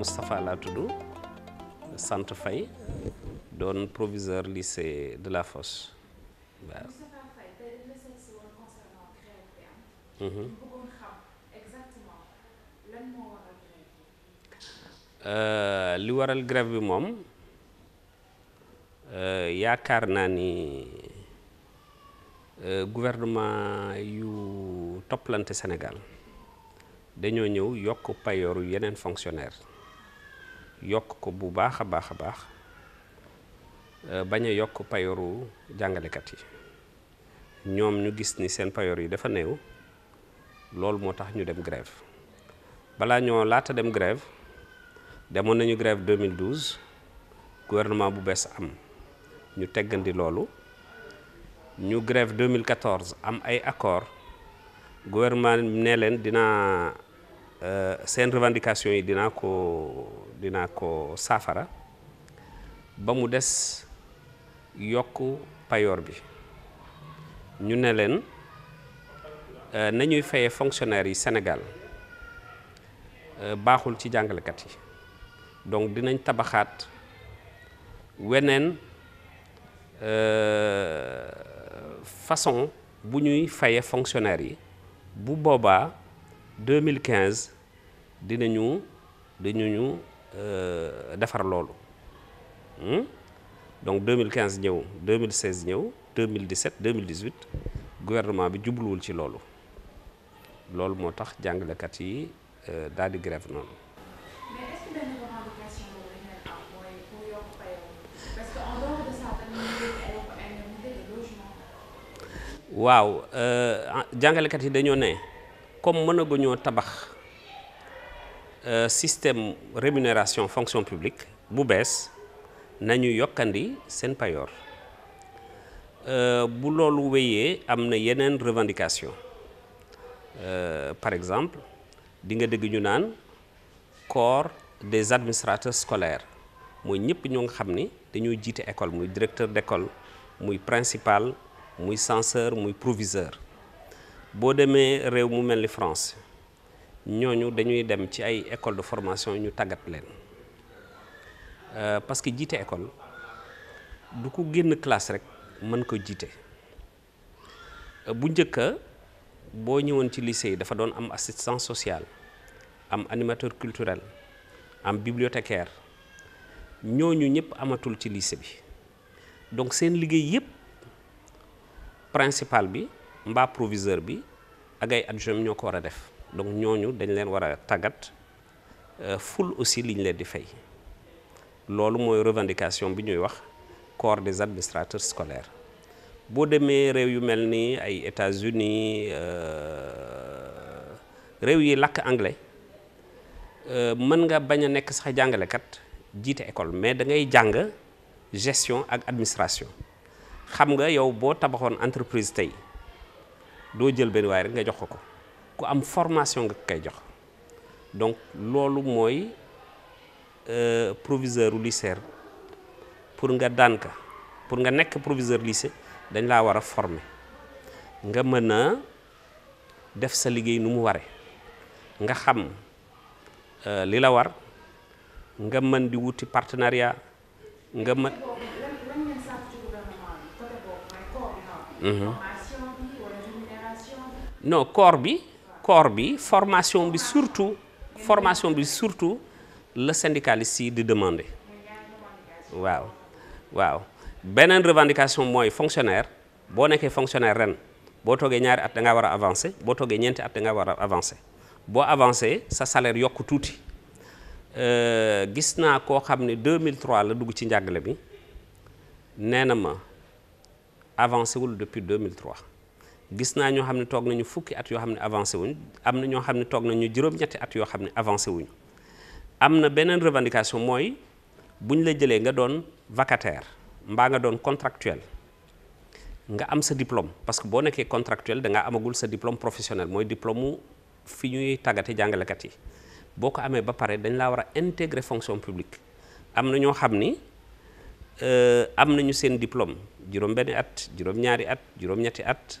Moustapha Latoudou, tudd Faye proviseur lycée de la Fosse waaw. li la grève bi mhm. la grève. Euh, euh, naa ni euh, gouvernement yu Sénégal dañoo ñëw yokk payooru fonctionnaires. Yok ko bu baakha banyak baax euh baña yok payoru jangale payoru yi ñom ñu gis ni seen payor yi dafa néew lool motax ñu dem grève bala ñoo laata dem grève demon nañu grève 2012 gouvernement bu bes am ñu teggandi loolu ñu grève 2014 am ay accord gouvernement ne len dina Euh, seen revendication yi dina ko dina ko safara ba mu dess yokk payor bi ñu ne leen euh, nañuy fayé fonctionnaire yi Sénégal euh, baxul ci kat yi donc dinañ wenen weneen façon buñuy fayé fonctionnaire yi bu boba 2015, nous avons fait ça. Donc 2015, 2016, 2017, 2018, le gouvernement a fait ça. C'est ce qui fait que les qui fait grève. Mais est-ce que vous avez une revendication pour vous Parce qu'en dehors de ça, vous avez une revendication de logement. Wow, les gens qui ont fait comme mënaguñoo le euh, système rémunération fonction publique bu bees nañu sen payor euh bu loolu wéyee revendication euh, par exemple di nga deug corps des administrateurs scolaires moy ñëpp ñu nga xam ni école muy directeur d'école muy principal muy censeur muy proviseur boo demain, réew mu France ñooñu dañuy dem ci ay école de formation ñu tagat leen euh, parce que jiite école du ko génn classe rek mën ko jiite euh, bu njëkka bo ñëwon ci lycée dafa doon am assistant social am animateur culturel am bibliothécaire ñoñu ñëpp amatul ci lycée bi donc seen liggéey yëpp principal bi Mba proviseur bi ay adjoint def donc dañ leen euh, aussi liñ leen di fay revendication bi corps des administrateurs scolaires bo nous réew yu ay États-Unis euh, réew yi anglais euh, nga école mais da gestion ak administration xam nga yow entreprise do jël benn way rek nga jox ko ku am formation nga kay jox donc moy euh proviseur lycée pour nga daan ka pour nga nek proviseur lycée dañ la war a former nga mën def sa liguey nu mu ware nga xam euh lila war nga mën di wuti partenariat nga mën. non Corbi, bi formation bi surtout formation bi surtout le syndicaliste yi di demander wow. Ben une revendication moi, fonctionnaire boo nekkee fonctionnaire ren boo toogee ñaari at da ngaa war avancer boo toogee ñeenti at da avancer boo avancer sa salaire yokk tuuti euh, gis Gisna ko 2003 la dugg ci njàngale bi avancé depuis 2003 gis na ñoo xamni tok nañu fukki at yo xamni avancé wuñ amna ño xamni tok nañu juróom-ñetti at yo xamni avancé wuñ amna benen revendication moy buñ la jëlé nga doon vacataire mba nga doon contractuel nga am sa diplôme parce que bo nekké contractuel da nga amagul sa diplôme professionnel moy diplôme fi ñuy tàggate kat yi boko amé ba paré dañ la wara intégrer fonction publique amna ño xamni euh amna ñu seen diplôme benn at juróom-ñaari at juróom-ñetti at.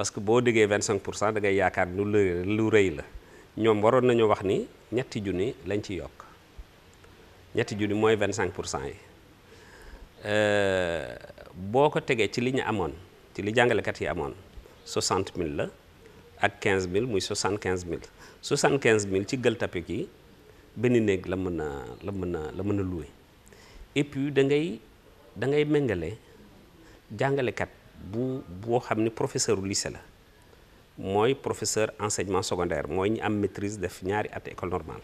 parce que bo dégué 25 da ngay yaakaar lu lu reuy la ñom waron nañu wax ni ñetti junni lañ ci yok ñetti junni moy 25 euh boko tégué ci liñu amone ci li ñu kat yi amone 60 la ak 15 muy 75000 75000 ci gël tapé ki ben nek la mën la mën la mën louer et puis da ngay da ngay méngale kat un professeur de lycée. Je suis professeur enseignement secondaire. Je suis maîtrise de à l'école normale.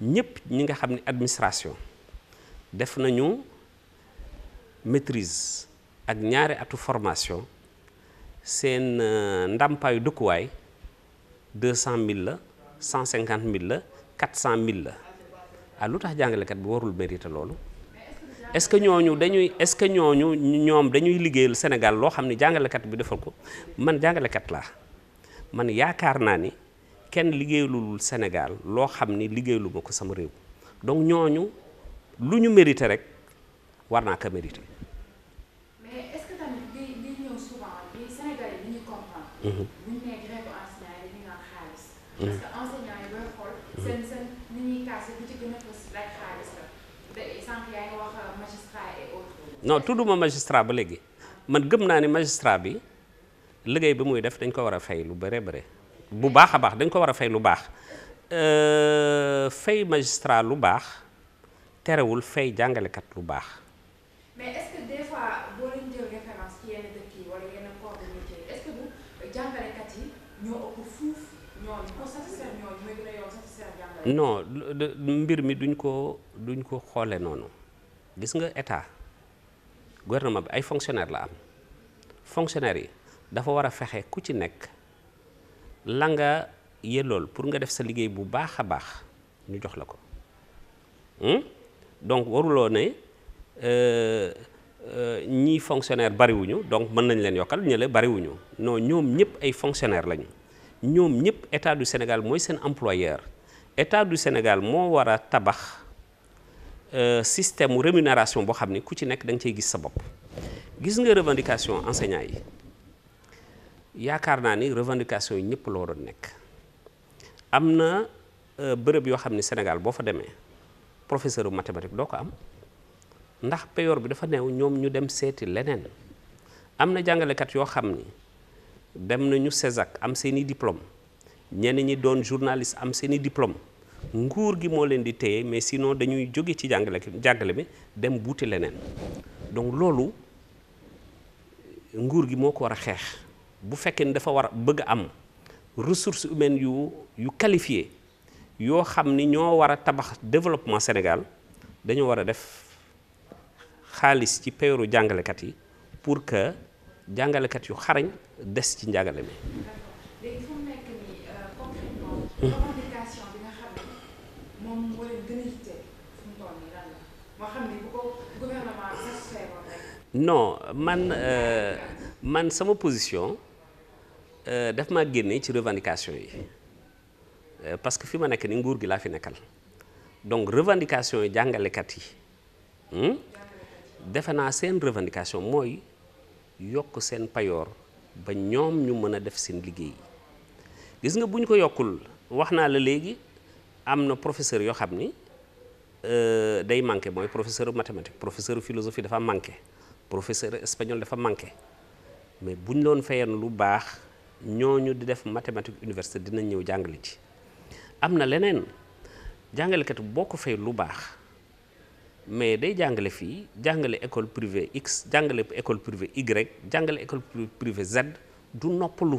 Nous avons une administration. Nous avons maîtrise et une formation. C'est pas de 200 000, 150 000, 400 000. mérite. est-ce que ñooñu dañuy est-ce que ñooñu ñoom dañuy liggéeyal Sénégal loo xam ne jàngalekat bi defal ko man jàngalekat laa man yaakaar naa ni kenn liggéeyalul Sénégal loo xam ni liggéeyalu ma ko sama réew donc ñooñu lu ñu mérité rek war naa ko mérité. non tudduma magistrat ba léegi man gëm naa ni magistrat bi liggéey bi muy def dañ ko war a fay lu bare bare bu baax a baax dañ ko war a fay lu baax euh, fay magistrat lu baax terewul fay jàngalekat lu baax. mais mbir mi duñ ko duñ ko xoole noonu gis nga état. gouvernement bi ay fonctionnaire la am fonctionnaire yi dafa war a fexe ku ci nekk la nga yellool pour nga def sa liggéey bu baax a baax ñu jox la ko hmm? donc waruloo ne euh, euh, ñii fonctionnaire bariwuñu donc mën nañ leen yokkal ñu bariwuñu noo ñoom ñëpp ay fonctionnaire lañu ñoom ñëpp état du Sénégal mooy seen employeur état du Sénégal moo war tabax Euh, système mu rémunération boo xam ni ku ci nekk da nga cey gis sa bopp gis nga revendication enseignant yi yaakaar naa ni revendication yi ñëpp la waroon nekk am na euh, bërëb yoo xam ni Sénégal boo fa demee professeur u mathématique doo ko am ndax payoor bi dafa neew ñoom ñu dem seeti leneen am na jàngalekat yoo xam ni dem nañu CESAC am seeni diplôme ñenn ñi doon journaliste am seeni diplôme nguur gi moo leen di téye mais sinon dañuy jóge ci jàngale jàngale bi dem buuti leneen donc loolu nguur gi moo ko war a xeex bu fekkee ni dafa war a bëgg am ressource humaines yu yu qualifiées yoo xam ni ñoo war a tabax développement Sénégal dañoo war a def xaalis ci peeru jàngalekat yi pour que jàngalekat yu xarañ des ci njàngale mi. non man euh, man sama position euh, daf maa génne ci revendication yi euh, parce que fi ma nekk ni nguur gi laa fi nekkal donc revendication yi jàngalekat yi hmm? defe naa seen revendication mooy yokk seen payoor ba ñoom ñu mën a def seen liggéey gis nga bu ñu ko yokkul wax naa la léegi am na professeur yoo xam ni Euh, day manqué mooy professeur mathématique professeur philosophie dafa manqué professeur espagnol dafa manqué mais bu ñu loon fayoon lu baax ñoo ñu di def mathématique université dinañ ñëw jàngale ci am na leneen jàngalekat boo ko fay lu baax mais day jàngale fii jàngale école privée x jàngale école privée y jàngale école privée z du noppalu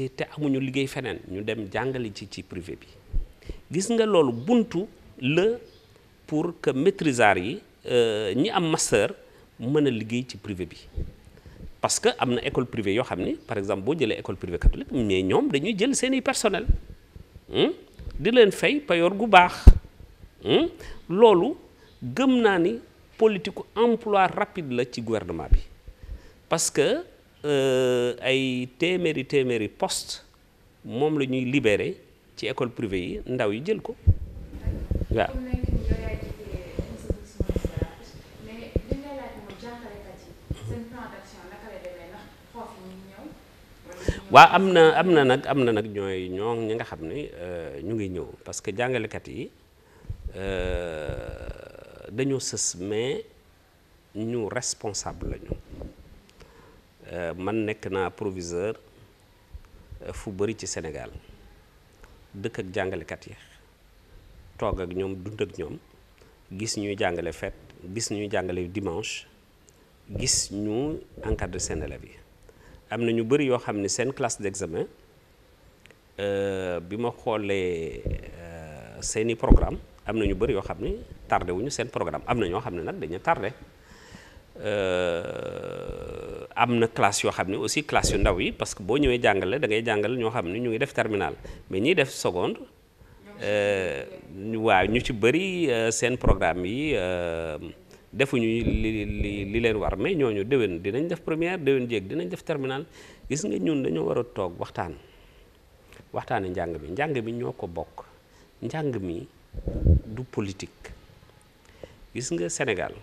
Nous te amuñu liggéey privé bi gis nga pour que les yi euh, ñi am master mëna privé parce que dans privée par exemple bo école privée catholique mais ñom dañuy jël personnel hmm, di leen fay gu hmm. gëm emploi rapide la gouvernement parce que Euh, ay téeméeri téeméeri poste moom la ñuy libéré ci école privée yi ndaw yi jël ko waaw. waaw am na am na nag am na nag ñooy ñoo ñi nga xam ne euh, ñu ngi ñëw parce que jàngalekat yi euh, dañoo sës mais ñu responsable lañu Euh, man nekk naa proviseur euh, fu bëri ci Sénégal dëkk ak jàngalekat yi toog ak ñoom dund ak ñoom gis ñuy jàngale fête gis ñuy jàngale dimanche gis ñu encadré seen élèves yi am na ñu bëri yoo xam ne seen classe d'examen euh, bi ma xoolee seeni programme am na ñu bëri yoo xam ne tardé wuñu seen programme am na ñoo xam ne nag dañu tardé. amna na classe yoo xam aussi classe yu ndaw yi parce que bo ñëwé jàngalé da ngay jàngal ño xamni ñu ngi def terminal mais ñi def seconde euh ñu wa ñu ci bëri euh, seen programme yi euh, defuñu li li li leen war mais ñooñu dewen dinañ def première dewen jéeg dinañ def terminal gis nga ñun dañu wara tok waxtaan waxtaan jàng bi jàng bi mi ñoo ko bokk njàng mi du politique gis nga Sénégal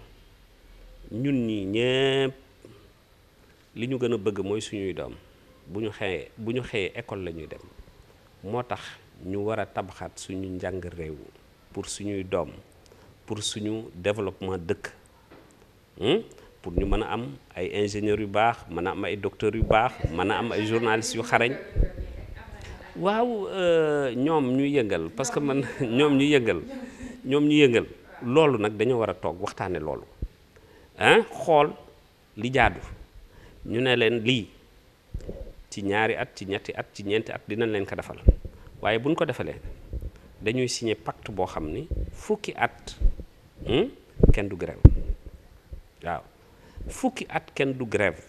ñun ñi ñepp li ñu gën a bëgg mooy suñuy doom bu ñu xëyee bu ñu xëyee école la ñuy dem moo tax ñu war a tabaxaat suñu njàng réew pour suñuy doom pour suñu développement dëkk hmm? pour ñu mën am ay ingénieurs yu baax mën a am ay docteurs yu baax mën a am ay journalistes yu xarañ waaw euh, ñoom ñu yëngal parce que man ñoom ñu yëngal ñoom ñu yëngal loolu nag dañoo war a toog waxtaane loolu ah xool li jaadu ñu ne leen lii ci ñaari at ci ñetti at ci ñeenti at dinañ leen ko defal waaye buñ ko defalee dañuy signé pacte boo xam ni fukki at hmm, kenn du grève waaw fukki at kenn du grève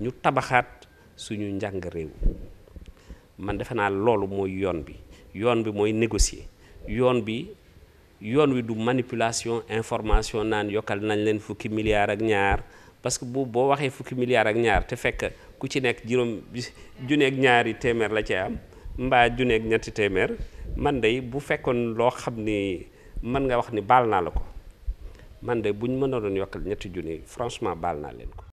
ñu tabaxaat suñu njàng réew man defe naa loolu mooy yoon bi yoon bi mooy négocier yoon bi yoon wi du manipulation information naan yokkal nañ leen fukki milliards ak ñaar parce que bu boo waxee fukki milliards ak ñaar te fekk ku ci nekk juróom juneeg ñaari téeméer la cee am mbaa juneeg ñetti téeméer man de bu fekkoon loo xam ni mën nga wax ni baal naa la ko man de bu ñu mënoon yokkal ñetti junne franchement baal naa leen ko.